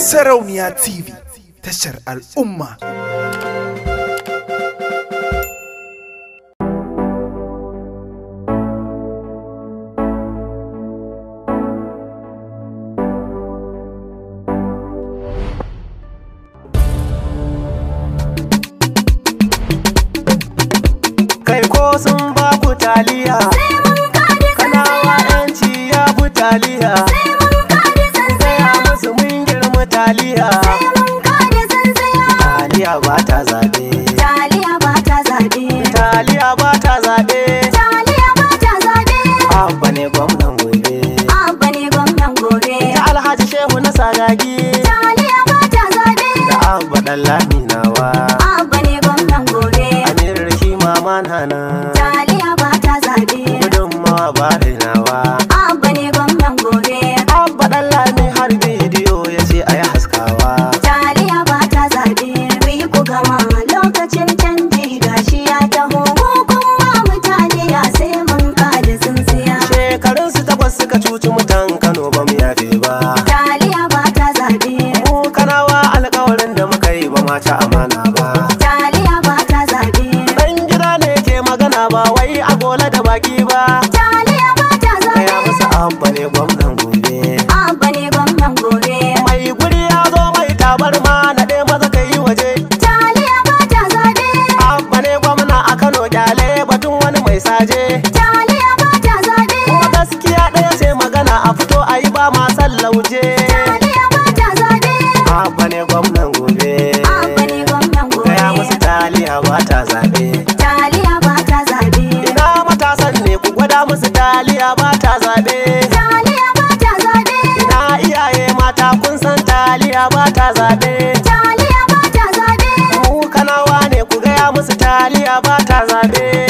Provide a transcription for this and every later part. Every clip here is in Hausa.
Sarauniya TV tashar al'umma. Kai ko sun ba ku taliya, kana ya bu taliya. Taliya ba ta zabe. Taliya ba ta zabe. Taliya ba ta zabe. Taliya ba ta zabe. Abba ne gwamnan gobe. Abba ne gwamnan gobe. Ta Alhaji Shehu na Sagagi. Taliya ba ta zabe. Da Abba dan Laminawa. Abba ne gwamnan gobe. Amir Rishi Mama Nana. Taliya ba ta zabe. Gudunmawa ba rainawa. zama ta amana ba taliya ba ta zabe dan gida ne ke magana ba wai a gola da baki ba taliya ba ta zabe ya musu abba ne gwamnan gobe abba ne gwamnan gobe mai guri ya zo mai tabar ma na dai maza yi waje taliya ba ta zabe abba ne gwamna a Kano kyale batun wani mai saje taliya ba ta zabe gaskiya ɗaya ce magana a fito ayi ba ma sallauje gobe musu taliya ba ta taliya ba ta ina matasan ne ku gwada musu taliya ba ta taliya ba ta ina iyaye mata kun san taliya ba ta zabe taliya ba ta zabe mu kanawa ne ku gaya musu taliya ba ta zabe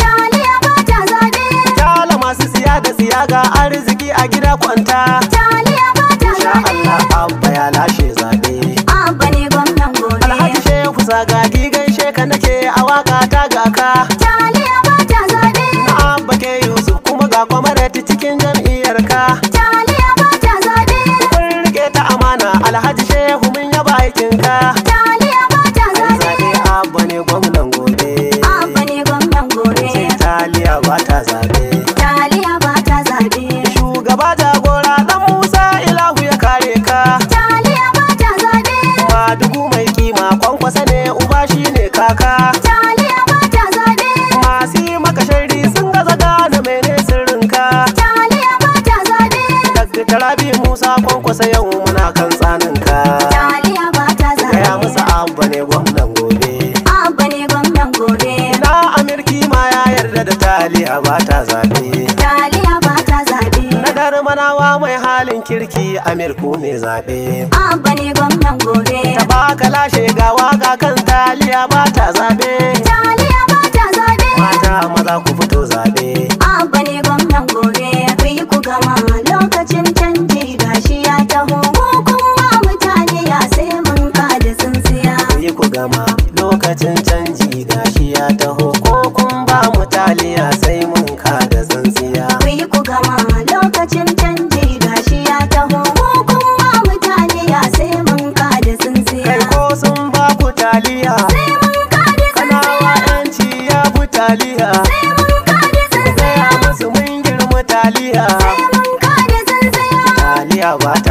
zagagi digan sheka nake a waka ta ga ka jaliya ba ta zabe na'am bake yusuf kuma ga kwamarati cikin jam'iyyar ka jaliya ba ta zabe kun rike ta amana alhaji shehu min yaba aikin ka jaliya ba ta zabe abba ne gwamnan gobe abba ne gwamnan gobe jaliya ba ta zabe ta rabi musa kwankwasa yau muna kan tsanin ka taliya ba ta zara kaya musa abba ne gwamnan gobe abba ne gwamnan gobe na amirki ma ya yarda da taliya ba ta zabe taliya ba ta zabe na dar manawa mai halin kirki amir ko me zabe abba ne gwamnan gobe ta ba ka lashe ga waka kan taliya ba tashi ya taho ko kun ba mu taliya sai mun ka da zantsiya ku yi ku gama lokacin canji gashi ya taho ko kun ba mu taliya sai mun ka da tsintsiya kai ko sun ba ku taliya sai mun ka da tsintsiya kana ci ya fi taliya sai mun ka da tsintsiya ku gaya musu mun girma taliya sai mun ka da tsintsiya taliya ba ta